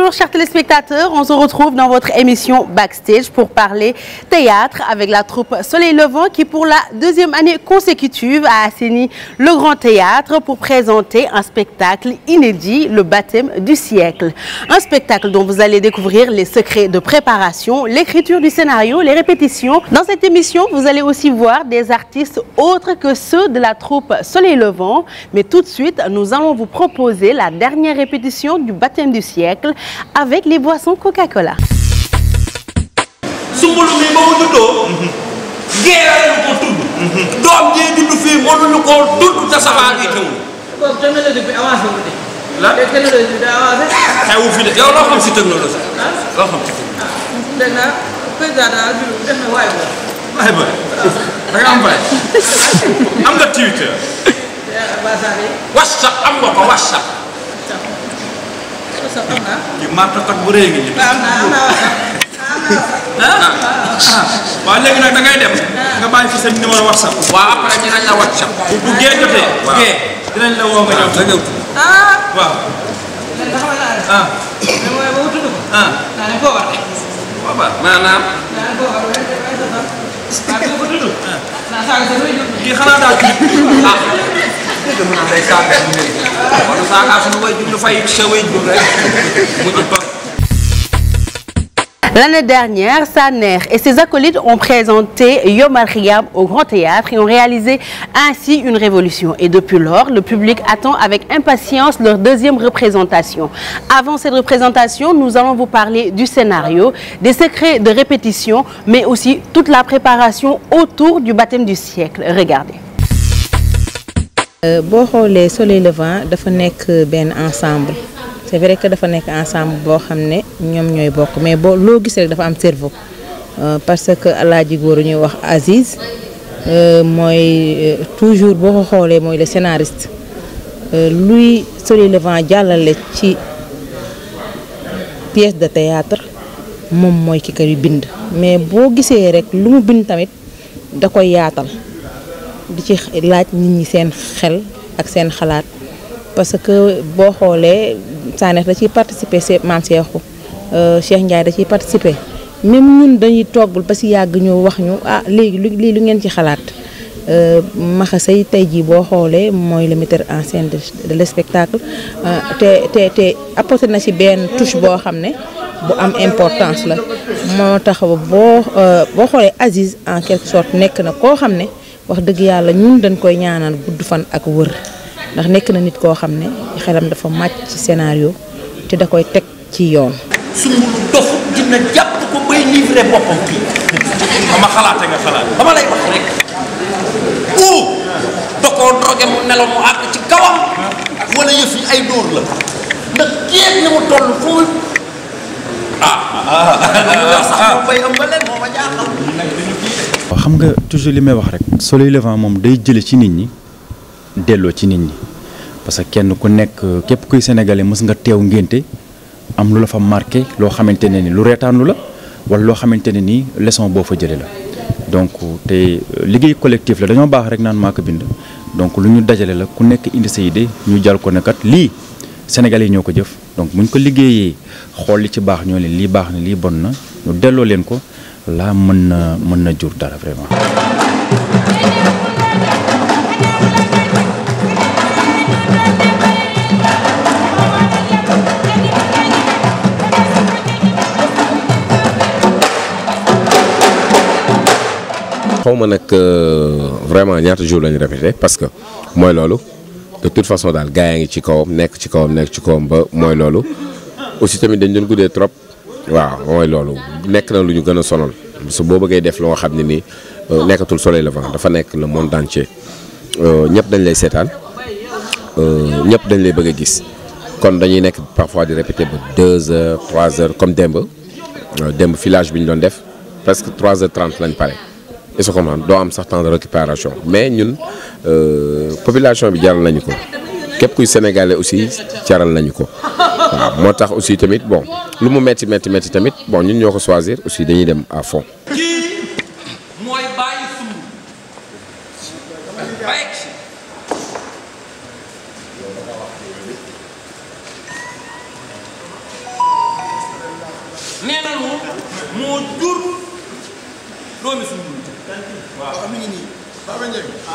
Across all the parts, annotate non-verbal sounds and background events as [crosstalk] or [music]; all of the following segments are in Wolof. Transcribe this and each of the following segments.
Bonjour chers téléspectateurs, on se retrouve dans votre émission Backstage pour parler théâtre avec la troupe Soleil Levant qui pour la deuxième année consécutive a assaini le Grand Théâtre pour présenter un spectacle inédit, le baptême du siècle. Un spectacle dont vous allez découvrir les secrets de préparation, l'écriture du scénario, les répétitions. Dans cette émission, vous allez aussi voir des artistes autres que ceux de la troupe Soleil Levant. Mais tout de suite, nous allons vous la dernière répétition du baptême du avec les boissons Coca-Cola. sumbulu mi ba mu juddoo. géeral ñu ko tudd. doom jee juddu fii mënuñu koo tudd te safaan yi teewul. boobu technologie bi avancé wu de. lan technologie bi daa avancé. xewu fi de yow loo xam si technologie. Ah? loo xam si technologie. Ah, dégg naa président de la République def na waay ba. waay ba da nga am bëri. [laughs] am nga Twitter. Eh, whatsapp am nga ko whatsapp. sax am naa. ci martokat bu rëy nga ñu. am naa am naa waaw waaw léegi nag da ngay dem. Ah. nga bàyyi fi seen numéro whatsapp. waaw après dinañ la whatsapp. bu bu gee jotee. waaw gee dinañ la woo nga ñëw. nga ah, ah. ñëw waaw. ah. ah. maanaam. kii xanaa daal. dëgg mu sa wéy et ses acolytes ont présenté Yom Al-Khiyam au Grand Théâtre et ont réalisé ainsi une révolution. Et depuis lors, le public attend avec impatience leur deuxième représentation. Avant cette représentation, nous allons vous parler du scénario, des secrets de répétition, mais aussi toute la préparation autour du baptême du siècle. Regardez. Euh, boo xoolee soleil levant dafa nekk benn ensemble c'est vrai que dafa nekk ensemble boo xam ne ñoom ñooy bokk mais boo loo gis rek dafa am cerveau euh, parce que alaaji góor ñuy wax Aziz euh, mooy toujours boo ko xoolee mooy le scénariste luy soleil levant jàllale ci pièce de théâtre moom mooy ki koy bind mais boo gisee rek lu mu bind tamit da koy yaatal di ci laaj nit ñi seen xel ak seen xalaat parce que boo xoolee Sanekh da ciy participer se maam Seexu Cheikh Ndiaye da ciy participer même ñun dañuy toggul ba si yàgg ñu wax ñu ah léegi lii lu ngeen ci xalaat euh, maxasay tey jii boo xoolee mooy le metteur en scène de le spectacle euh, te te te na ci benn touche boo xam ne bu am importance la moo tax boo euh, boo xoolee Aziz en quelque sorte nekk na koo xam ne wax dëgg yàlla ñun dañ koy ñaanal gudd fan ak wër ndax nekk na nit koo xam ne xelam dafa màcc ci scénario te da koy teg ci yoon. suñu dof dina jàpp ko bay livré boppam kii. dama xalaate nga xalaat dama lay wax rek. ou da koo drogué mu nelaw mu àgg ci kawam. wala yëf ay dóor la. ndax kéem ni mu toll fu ah ah ah ah ah waaw xam nga toujours li may wax rek soleil levant moom day jële ci nit ñi delloo ci nit ñi parce que kenn ku nekk képp kuy sénégalais mës nga teew ngénte am lu la fa marqué loo xamante ne ni lu reetaanlu la wala loo xamante ne nii leçon boo fa jële la donc te liggéey collectif la dañoo baax rek naan maa ko bind donc lu ñu dajale la ku nekk indi sa idée ñu jal ko ne kat lii sénégalais yi ñoo ko jëf donc buñ ko liggéeyee xool li ci baax ñoo leen lii baax na lii bon na ñu delloo leen ko là mën na mën na jur dara vraiment. xaw ma nag euh, vraiment ñaata jour lañu répété parce que mooy loolu de toute façon daal gars yaa ngi ci kawam nekk ci kawam nekk ci kawam ba mooy loolu aussi tamit dañ doon guddee trop. waaw mooy loolu nekk na lu ñu gën a sonal su boo bëggee def loo xam ne nii euh, nekkatul soleil levant dafa nekk le monde entier euh, ñëpp dañ lay seetaan euh, ñëpp dañ lay bëgg a gis kon dañuy nekk parfois di répéter ba deux heures trois heures comme démb démb filage bi ñu doon def presque trois heures trente lañ pare est-ce que doo am sax temps de récupération mais ñun population bi jaral nañu ko. képp kuy sénégalais aussi caral nañu ko waaw moo tax aussi tamit bon lu mu metti metti metti tamit bon ñun ñoo ko choisir aussi dañuy dem à fond.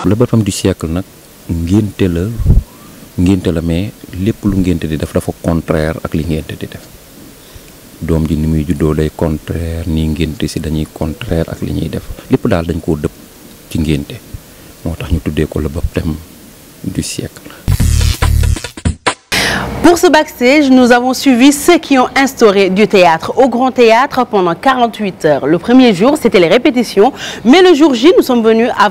am na ñu du siècle nag ngénte la. ngénte la mais lépp lu ngénte di def dafa contraire ak li ngénte di def doom ji ni muy juddoo day contraire nii ngénte si dañuy contraire ak li ñuy def lépp daal dañ koo dëpp ci ngénte moo tax ñu tuddee ko le baptême du siècle Pour ce backstage, nous avons suivi ceux qui ont instauré du Le premier jour, c'était les répétitions, mais le jour J, nous sommes venus à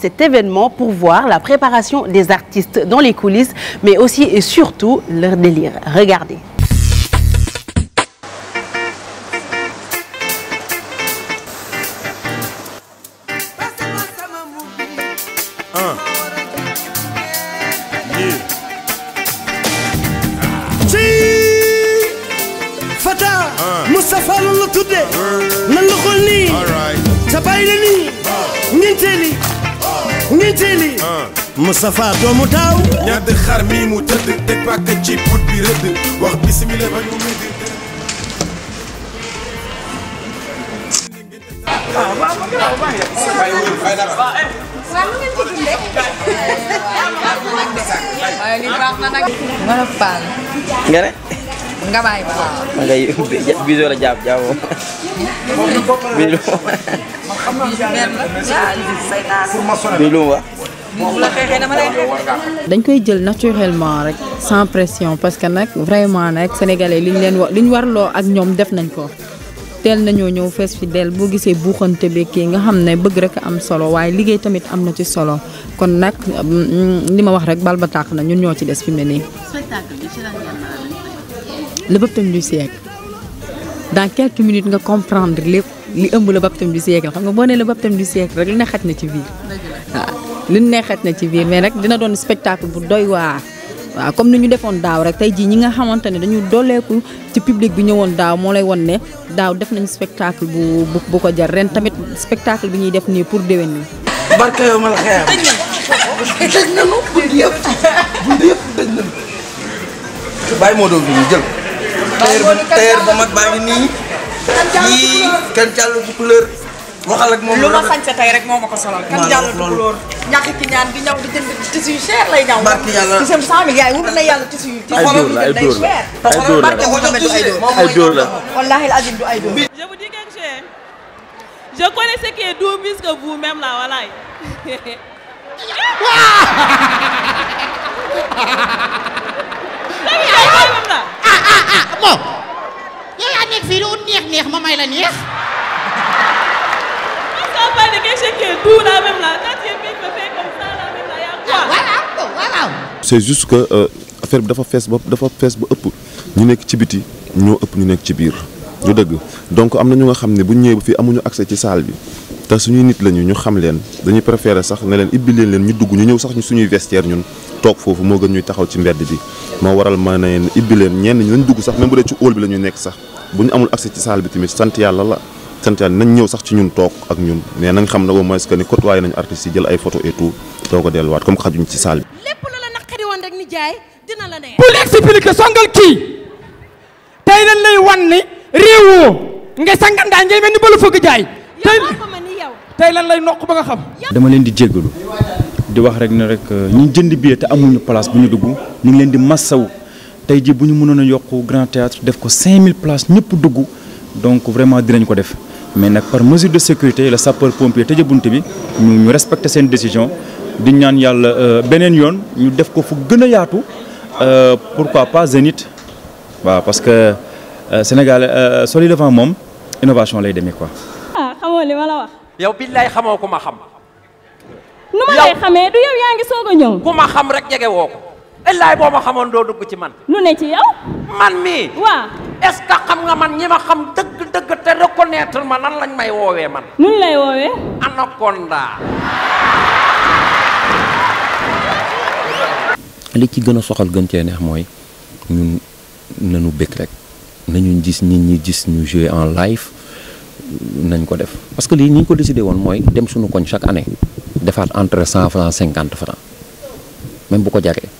cet pour voir la préparation des artistes dans les mais aussi et surtout leur laylani nginteli nginteli Moustapha doomu daaw ñaar de xar mi mu tëdd teg pàkk ci put bi rëdd wax bisimila ba ñu midi waaw waaw waaw nga bàyyi ba waaw. ma ngay [laughs] biso [laughs] la dañ koy jël naturellement rek sans pression parce que nag vraiment nag sénégalais liñ leen wax liñ warloo ak ñoom def nañ ko. teel nañoo ñëw fees fi del boo gisee buuxante bi kii nga xam ne bëgg rek am solo waaye liggéey tamit am na ci solo kon nag mm, mm, li ma wax rek bal tàq na ñun ñoo ci des fi mu nii. le baptême du siècle dans quelques minutes nga comprendre lépp li ëmb le baptême du siècle xam nga boo nee le baptême du rek lu ne na ci biir. waaw lu ne na ci biir mais rek dina doon spectacle bu doy waa waaw comme ni ñu defoon daaw rek tey jii ñi nga xamante ne dañu dooleeku ci public bi ñëwoon daaw moo lay won ne daaw def nañ spectacle bu bu ko jar ren tamit spectacle bi ñuy def nii pour déwén nii. barke yow mal xeer. dëj nañu bunt yëpp bunt yëpp jël. tailleur tailleur bu mag baa ngi nii. yii kan jàll bu couleur. waxal moom lu ma sañse tey moo ma ko solal. kan jàll bu couleur. ñàkk ki ñaan di ñaw di jënd tissu yu cher lay ñaw. barke yàlla ci yaay wut na yàlla ay dóor la ay dóor la ay dóor la ay du ay dóor. je vous dis quelque chose je connais ce qui est doux plus que vous [laughs] la neex. ça va de quelqu'un c'est juste que euh, bi dafa fees ba ëpp ñu nekk ci biti ñoo ëpp ñu nekk ci biir du dëgg donc am na ñu nga xam ni bu ñëwee ba fii amuñu accès ci salle bi te suñuy nit lañu ñu xam leen dañuy préférer sax ne leen ibbi leen leen ñu dugg ñu ñëw sax ñu suñuy vestiaire ñun toog foofu moo gën ñuy taxaw ci mbedd bi moo waral ma ne ibbi leen ñenn ñu lañ dugg sax même bu dee ci hall bi la ñu nekk sax. bu ñu amul accès ci saal bi tamit sant yàlla la sant yàlla nañ ñëw sax ci ñun toog ak ñun mais nañ xam ne au moins que ni côtoyé nañu artistes yi jël ay photo et tout doo ko delluwaat comme xajuñ ci saal bi. lépp la la naqari songal kii tey dañ lay wan ni réewoo nga sangandaay ngay mel ni balu fëgg jaay. tey tey lay noq ba nga xam. dama leen di jéggalu di wax rek ne rek euh, ñu jënd billet te amuñu place bu ñu dugg ñu ngi leen di massawu. tey ji bu ñu mënoon a yokk grand théâtre def ko 5000 places ñëpp dugg donc vraiment dinañ ko def mais nag par mesure de sécurité la sapeur pompier tëjee bunt bi ñu ñu respecté seen décision di ñaan yàlla euh, beneen yoon ñu def ko fu gën a yaatu euh, pourquoi pas Zénith waaw parce que euh, Sénégal Soleil Levant moom innovation lay demee quoi. ah xamoo li ma la wax. yow billaay xamoo ku ma xam. nu ma lay xamee du yow yaa ngi soog a ñëw. ku ma xam rek jege ellaay boo ma xamoon ci man. lu man mii. waaw li ci gën a soxal gën cee neex mooy ñun nañu bëgg rek nañu gis nit ñi gis ñu jouer en live nañ ko def parce que lii ñu ko décidé woon mooy dem suñu koñ chaque année defaat entre cent franc cinquante franc même bu ko jaree.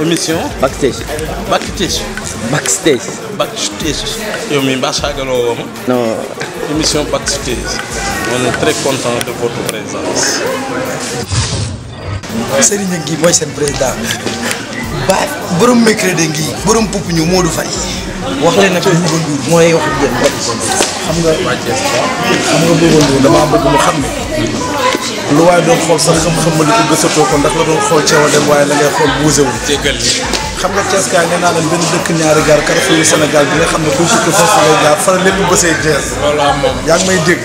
émission backstage backstage backstage backstage yow mii mbaa saagaloo woo ma non émission backstage on est très content de votre présence Serigne ngi mooy seen président ba borom mercredi ngi borom pupp ñu Modou Faye wax leen nag Bouba Ndour mooy wax ak yéen xam nga xam nga Bouba Ndour damaa bëgg mu xam ne lu waaye doon xool sax xam-xam li ko gësatoo ko ndax la doon xool ceewa dem waaye la ngay xool bougé wu. jéggal li xam nga Thiès gaa nee naa leen benn dëkk ñaari gaar Carrefour yu Sénégal bi nga xam ne kuy sukk foofu ngay jaar faral lépp bësee Thiès. yaa ngi may dégg.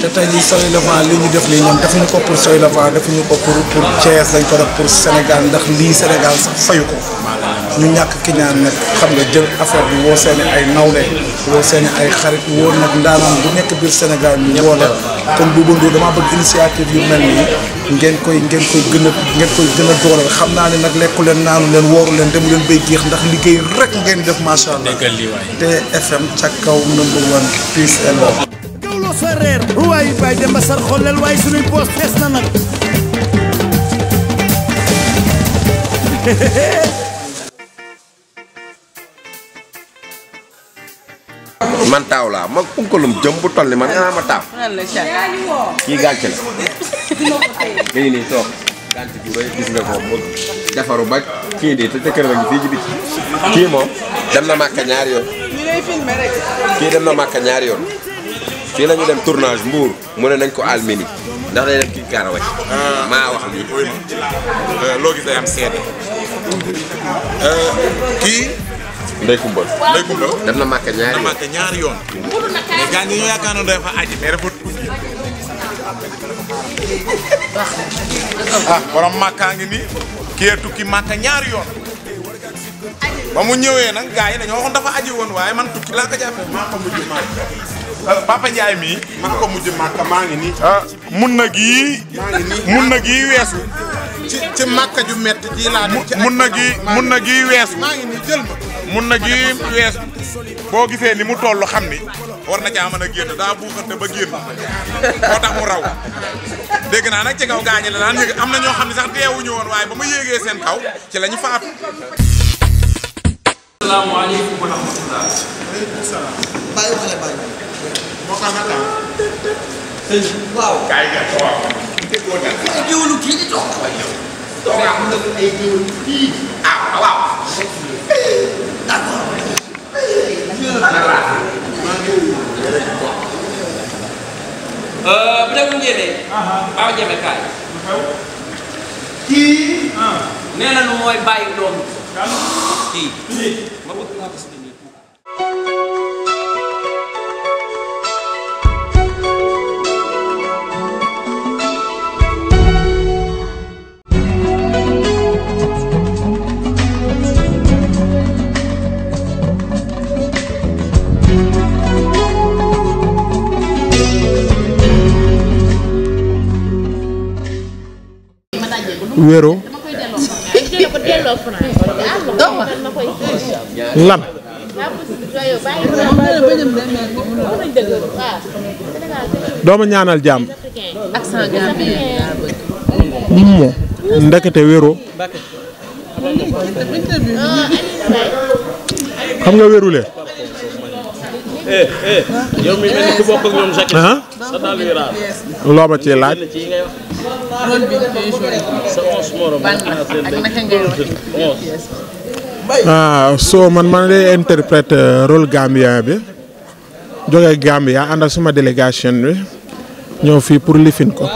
te tey jii sooy levant li ñu def lii ñoom defuñu ko pour sooy levant defuñu ko pour pour Thiès dañ ko def pour Sénégal ndax lii Sénégal sax fayu ko. ñu ñàkk ki ñaan nag xam nga jël affaire bi woo seen ay nawle woo seen ay xarit woo nag ndaanaan bu nekk biir Sénégal ñu woo la kon bu bëndoo damaa bëgg initiative yu mel nii ngeen koy ngeen koy gën a xam naa ne nag lekku leen naanu leen wooru leen dem leen bay géex ndax liggéey rek ngeen def macha allah TFM ca kaw number one peace and love gawloo waaye bay dem ba fees na nag [laughs] man taaw laa ma unkalum jëm bu toll man nga ah, naa ma taaw. kii gànc la. léegi nii toog gànc gis nga ko mu defaru ba kii nii te kër ngi fii ci kii moom dem na màkka ñaari yoon. kii dem na màkka ñaari yoon. fii la dem tournage Mbour mu ne nañ ko almini ndax day dem kii Karaway. Ah. maa wax lii. Euh, euh, kii. Ndeye Kumba. Ndeye Kumba dem na Màkka ñaari ñaari yoon. mais gars ñi ñoo yaakaar ne dafa aji mais dafa tuuti. ah borom Màkka ngi nii tukki Màkka ñaari yoon. ba mu ñëwee nag gars yi dañoo dafa aji woon waaye man tukki laa ko jàppee maa ko mujj Màkka. Ah, Papa Ndiaye mii. maa ko mujj Màkka maa ngi nii. ah mun na gii. maa mun na weesu. ci ci ju metti ji laa. ci mun na weesu. maa ngi nii jël mun na ji wees boo gisee li mu toll xam ni war na caa mën a génn daa buuxante ba génn moo tax mu raw dégg naa nag ci kaw gaañi la daan yëg am na ñoo xam ne sax deewuñu woon waaye ba ma yéegee seen kaw ci lañu ñu faat. asalaamaaleykum wa rahmatulah. waaleykum salaam. bàyyi kii géwélu toog. Ah, waaw yow. toog Euh, bu dee bu njëlee. baaw jëme kaay. kii. Ah. nee na lu mooy bàyyi doom kii ma bëgg naa ko si lan. dooma ñaanal jàmm. moom ndekete wéro xam nga wérule. Eh, eh. yow mi mel ah? laaj. Ah, ah so man man lay interprète euh, rôle gambien bi jógee Gambia ànd suma délégation bi ñëw fii pour lifin ko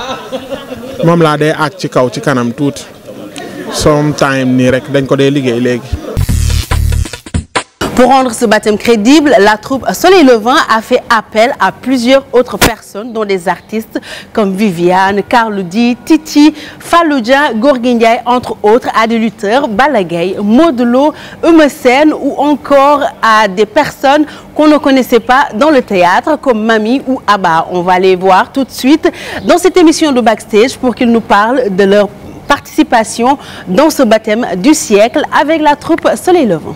moom laa day àgg ci kaw ci kanam tuuti some time nii rek dañ ko dee liggéey léegi. Pour rendre ce baptême crédible, la troupe Soleil Levant a fait appel à plusieurs autres personnes, dont des artistes comme Viviane, Carludi, Titi, Fallujah, Gorguindiaï, entre autres, à des lutteurs, Balagay, Modelo, Eumesen ou encore à des personnes qu'on ne connaissait pas dans le théâtre comme Mami ou Abba. On va les voir tout de suite dans cette émission de Backstage pour qu'ils nous parlent de leur participation dans ce baptême du siècle avec la troupe Soleil Levant.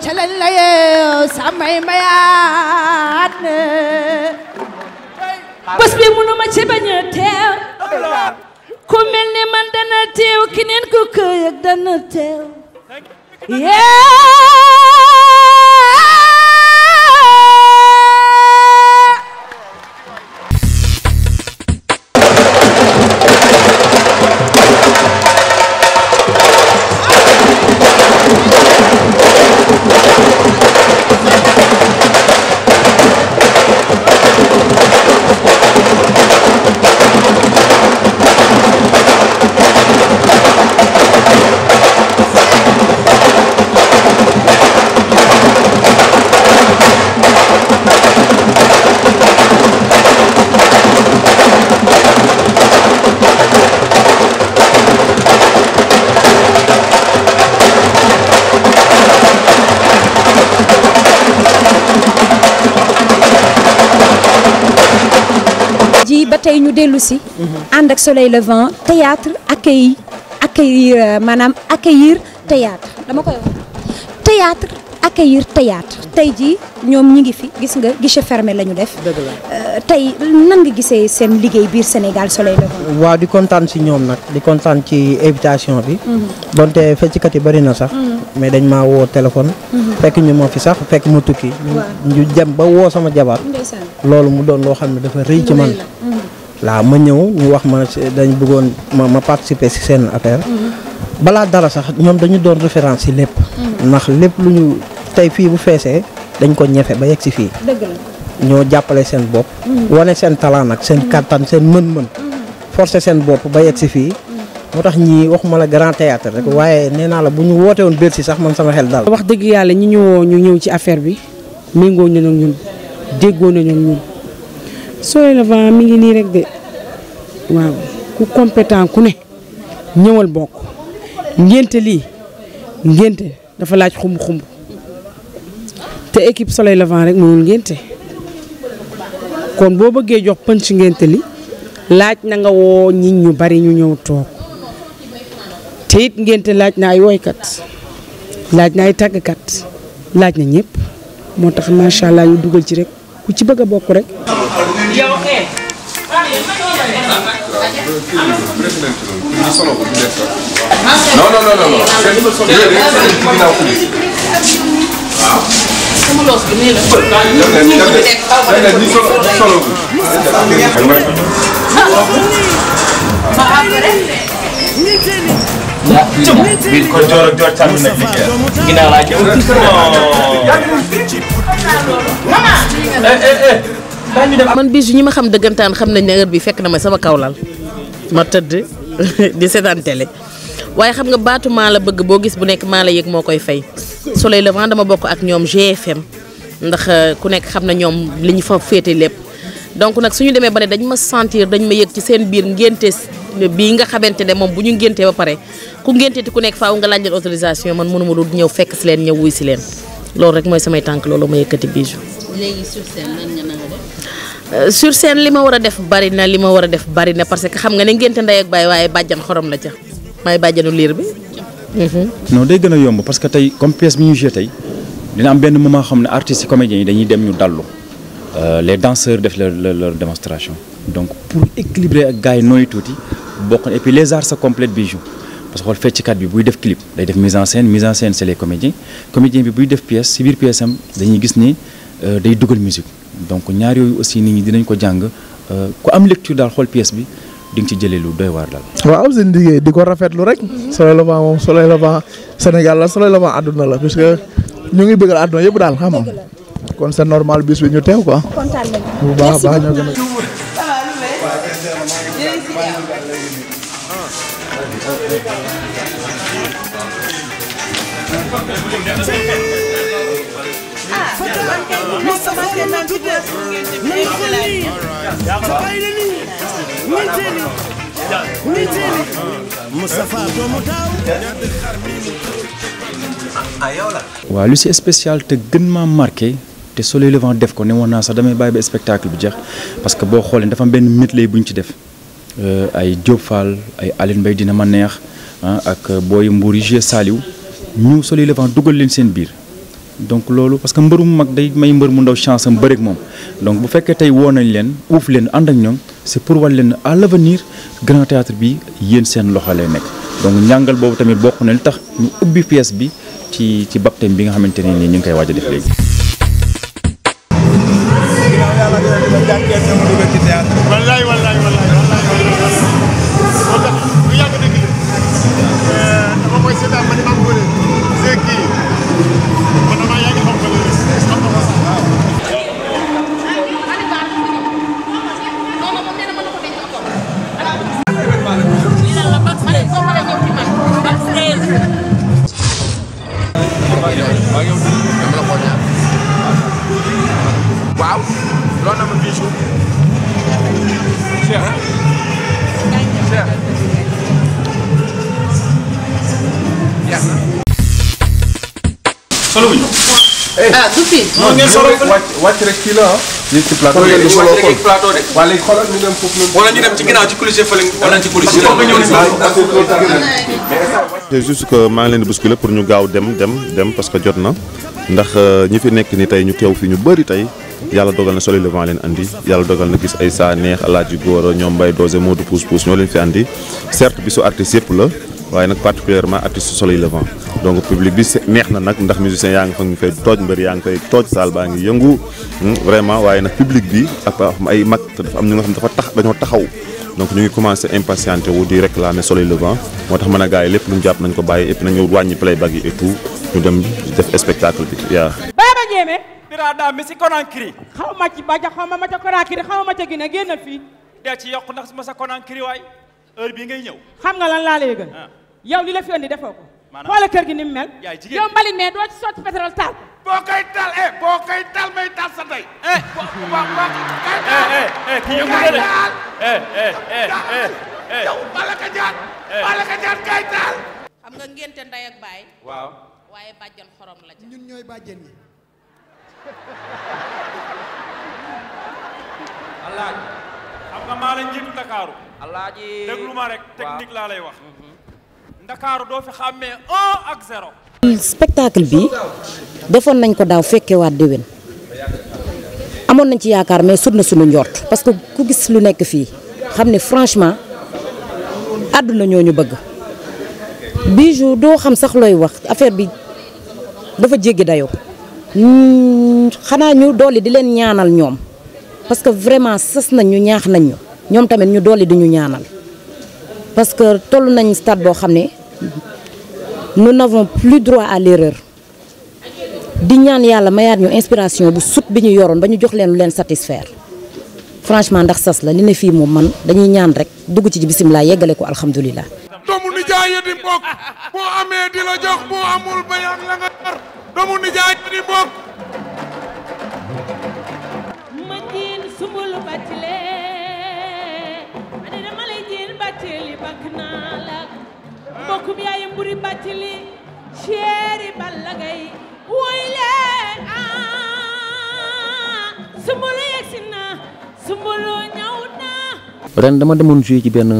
calen la yeew samay mayaat ne bés bi mënuma ci bañ a dellusi ànd ak soleil levant théâtre accueil accueillir euh, maanaam accueillir théâtre dama koy wax théâtre tey jii ñoom ñi ngi fi gis nga guichet fermé la ñu def. dëgg euh, tey nan nga gisee seen liggéey biir Sénégal soleil levant. waaw di kontaan si ñoom nag di kontaan ci invitation bi. Mhm. donte feccikat yi bari na sax. Mhm. mais dañ maa woo téléphone. Mhm. fekk ñu moo fi sax fekk mu tukki. ñu dem ba woo sama jabar. loolu mu doon loo xam ne dafa rëy ci man. laa ma ñëw ñu wax ma dañ bëggoon ma ma participer ci seen affaire mm-hmm. balaa dara sax ñoom dañu doon référence ci lépp mm-hmm. ndax lépp lu ñu tey fii bu feesee dañ ko ñefe ba yegg ci fii ñoo jàppale seen bopp mm-hmm. wane seen talent ak seen kattan seen mën-mën force seen bopp ba yegg ci fii moo tax ñii waxuma la grand théâtre rek waaye nee naa la bu ñu woote woon Bercy sax man sama xel daal wax dëgg yàlla ñi ñëwoo ñu ñëw ci affaire bi méngoo nañu ñun déggoo nañu ñun Soulèvent mi ngi nii rek de waaw ku compétent ku ne ñëwal bokk ngénte lii ngénte dafa laaj xumb-xumb te équipe Soulèvent rek mënul ngénte kon boo bëggee jox pënc ngénte li laaj na nga woo nit ñu bari ñu ñëw toog te ngénte laaj na ay woykat laaj na ay tàggkat laaj na ñëpp moo tax macha allah ñu dugal ci rek ku ci bëgg a bokk rek. yow eh. non non non non waaw. sama loos bi nii la. ko joor ak joor tànn nag liggéeyal. ginnaaw laa jëm. non. maman. Eh, eh, eh. man bisu ñi ma xam dëggantaan xam nañ ne heure bi fekk na ma sama kaw kawlal ma tëdd [laughs] di seetaan télé waaye xam nga baatu maa la bëgg boo gis bu nekk maa la yëg moo koy fay soleil levant dama bokk ak ñoom GFM ndax euh, ku nekk xam na ñoom li ñu fa féete lépp donc nag suñu demee ba ne dañ ma sentir dañ ma yëg ci seen biir ngénte bii nga xamante ne moom bu ñu ngéntee ba pare ku ngénteeti ku nekk faaw nga laaj leen autorisation man mënuma lu ñëw fekk si leen ñëw wuy si leen loolu rek mooy samay tànk loolu ma yëkkati bijou léegi Euh, sur scène li ma war a def bari na li ma war a def bari na parce que xam nga ne ngénte ndey ak baay waaye bàjjan xorom la ca may bàjjanu liir bi. Mhm. non day gën a yomb parce que tey comme pièce bi ñu joué tey dina am benn moment xam ne artistes comédiens yi dañuy dem ñu dallu euh, les danseurs def leur leur démonstration donc pour équilibrer ak gars yi nooy tuuti bokk na et puis les arts ça complète bi joue parce que xool fecckat bi buy def clip day def mise en scène mise en scène c'est les comédiens comédien bi buy def pièce si biir pièce am dañuy gis ni euh, day dugal musique. donc ñaar yooyu aussi nit ñi dinañ ko jàng euh, ku am lecture daal xool pièce bi di nga ci jëlee lu doy waar daal. waaw seen liggéey di ko rafetlu rek. Mhm. Soleil Levant moom Soleil Levant Sénégal la Soleil Levant àdduna la puisque ñu ngi bëggal àdduna yëpp daal xam nga kon c'est normal bis bi ñu teew quoi. kontaan nañu bu baax baax ñoo gën a. Mustafa lu si spécial te gën maa marqué te soleil levant def ko ne woon naa sax damay bàyyi ba spectacle bi jeex parce que boo xoolee dafa benn medley bu ñu ci def euh, ay Diop Fall ay Aline Mbaye dina ma neex ah, ak booy Mbour yi Saliou ñu soleil levant dugal leen seen biir donc loolu parce que mbër mu mag day may mbër mu ndaw chance am bëreeg moom donc bu fekkee tey woo nañ leen uuf leen ànd ak ñoom c' est pour wàll leen à l' avenir grand théâtre bi yéen seen loxo lay nekk donc njàngal boobu tamit bokk na li tax ñu ubbi pièce bi ci ci baptême bi nga xamante ne nii ñu ngi koy waaj a def léegi. solo wuñu. ah la juste que maa ngi leen di bousculer pour ñu gaaw dem dem dem parce que jot na ndax ñi fi nekk ni tey ñu teew fi ñu bari tey yàlla dogal na Soleil Levant leen indi yàlla dogal na gis ay saa neex alaaji góor ñoom mbay doose Modou pousse pousse ñoo leen fi andi certes bi su artiste yëpp la waaye nag particulièrement artiste soleil levant donc public bi neex na nag ndax musicien yaa ngi fa ngi fay tooj mbër yaa ngi fay tooj saal baa ngi yëngu hmm, vraiment waaye nag public bi ak ay mag te dafa am dafa tax dañoo taxaw donc ñu ngi commencé impatienté wu di réclamer soleil levant moo tax mën a gars yi lépp lu ñu nañ ko bàyyi et puis nañu wàññi playback yi et tout dem def spectacle bi yaa Baaba Jéeme dira daa mi si Konankri xaw ma ci Baja xaw ma ma ca Konankri fii bii ngay ñëw yow li la fi andi defoo ko. maanaam xoolal kër gi ni mu mel. yow mbalit mais doo ci sotti pétrole taal eh, boo koy taal may taal tey. Eh. boo boo eh, taal. eh yëngu na de eh eh eh eh ka jaar. kay taal. xam nga ngénte ndey baay. waaw waaye bàjjen xorom la ca. ñun ñooy bàjjen yi. ndakaaru doo fi xàmmee un ak zéro spectacle bi defoon nañ ko daaw fekkewaat déwén amoon nañ ci yaakaar mais sut na suñu njort parce que ku gis lu nekk fii xam ne franchement àdduna ñoo ñu bëgg Bijou doo xam sax looy wax affaire bi dafa jéggi dayoo hmm, xanaa ñu dolli di leen ñaanal ñoom parce que vraiment sës nañ ñu ñaax nañ ñu ñoom tamit ñu dolli di ñu ñaanal parce que toll nañu stade boo xam ne nous n'avons plus droit à l'erreur di ñaan yàlla mayaat ñu inspiration bu sut bi ñu yoroon ba ñu jox leen lu leen satisfaire franchement ndax sas la li ne fii moom man dañuy ñaan rek dugg ci bisimilah yeggale ko alhamdulilah. doomu nijaay di di la bakk naa la mbokkum yaay mburi bàccili chéri Balla leen ah Soumboulou yegsi na na ren dama demoon joué ci benn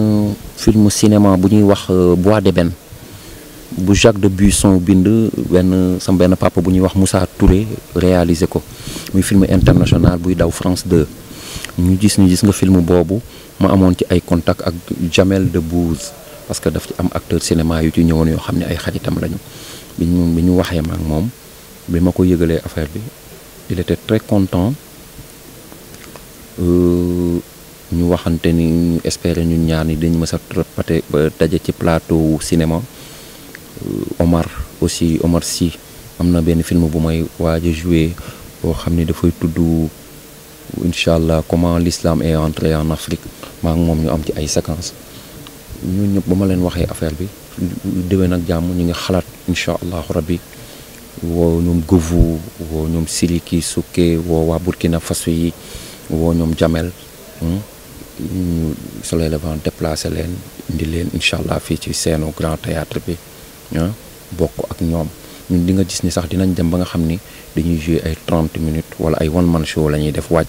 film cinéma bu ñuy wax euh, Bois benn bu Jacques de Buisson bind benn sama benn papa bu ñuy wax Moussa Touré réaliser ko muy film international buy daw France 2 ñu gis ni gis nga film boobu ma amoon ci ay contact ak Jamel de Debbouze parce que daf ci am acteur cinéma yu ci ñëwoon yoo xam ne ay xaritam lañu bi ñu bi ñu waxee ma moom bi ma ko yëgalee affaire bi il était très content euh, ñu waxante ni ñu espérer ñun ñaar ni dañu mës a daje ci plateau cinéma euh, Omar aussi Omar Sy am na benn film bu may waaj a joué boo xam ne dafay tudd. incha allah comment l'islam est entré en Afrique maa moom ñu am ci ay séquences ñu ñëpp ba ma leen waxee affaire bi déwén nag jàmm ñu ngi xalaat incha allahu rabbi woo ñoom Govou woo ñoom Siliki Souké woo waa Burkina Faso yi woo ñoom Jamel hmm? ñu Soleil Levant déplacé leen indi leen incha allah fii ci seenu grand théâtre bi ah, bokk ak ñoom ñun di nga gis ni sax dinañ dem ba nga xam ni dañuy jouer ay trente minutes wala ay one man show la ñuy def wàcc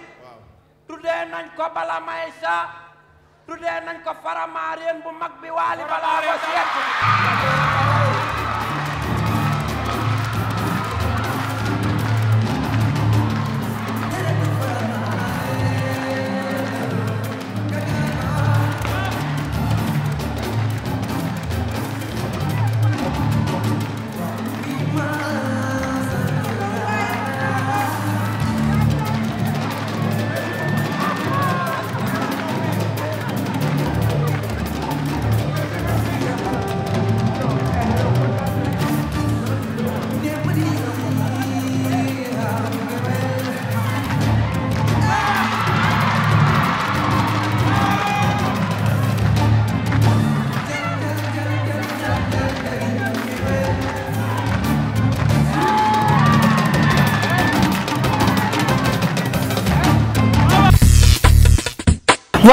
nañ ko bala may sa tuddee nañ ko faramaareen bu mag bi waali balaa ko seet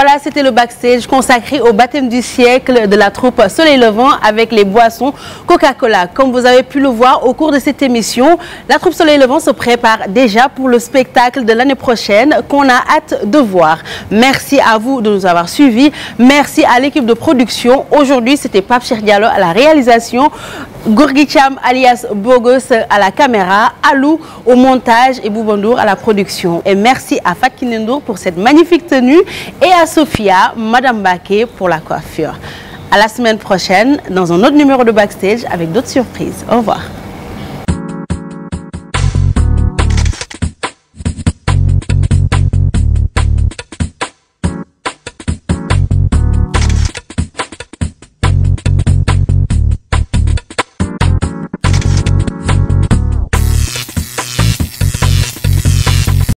Voilà, c'était le backstage consacré au baptême du siècle de la troupe Soleil Levant avec les boissons Coca-Cola. Comme vous avez pu le voir au cours de cette émission, la troupe Soleil Levant se prépare déjà pour le spectacle de l'année prochaine qu'on a hâte de voir. Merci à vous de nous avoir suivis. à l'équipe de production. Aujourd'hui, c'était Pape Cheikh Diallo à la réalisation, Gorgui Thiam alias Bogos à la caméra, Alou au montage et Boubandour à la production. Et merci à Fatou à Sophia, Madame Baquet pour la coiffure. À la semaine prochaine dans un autre numéro de Backstage avec d'autres surprises. Au revoir.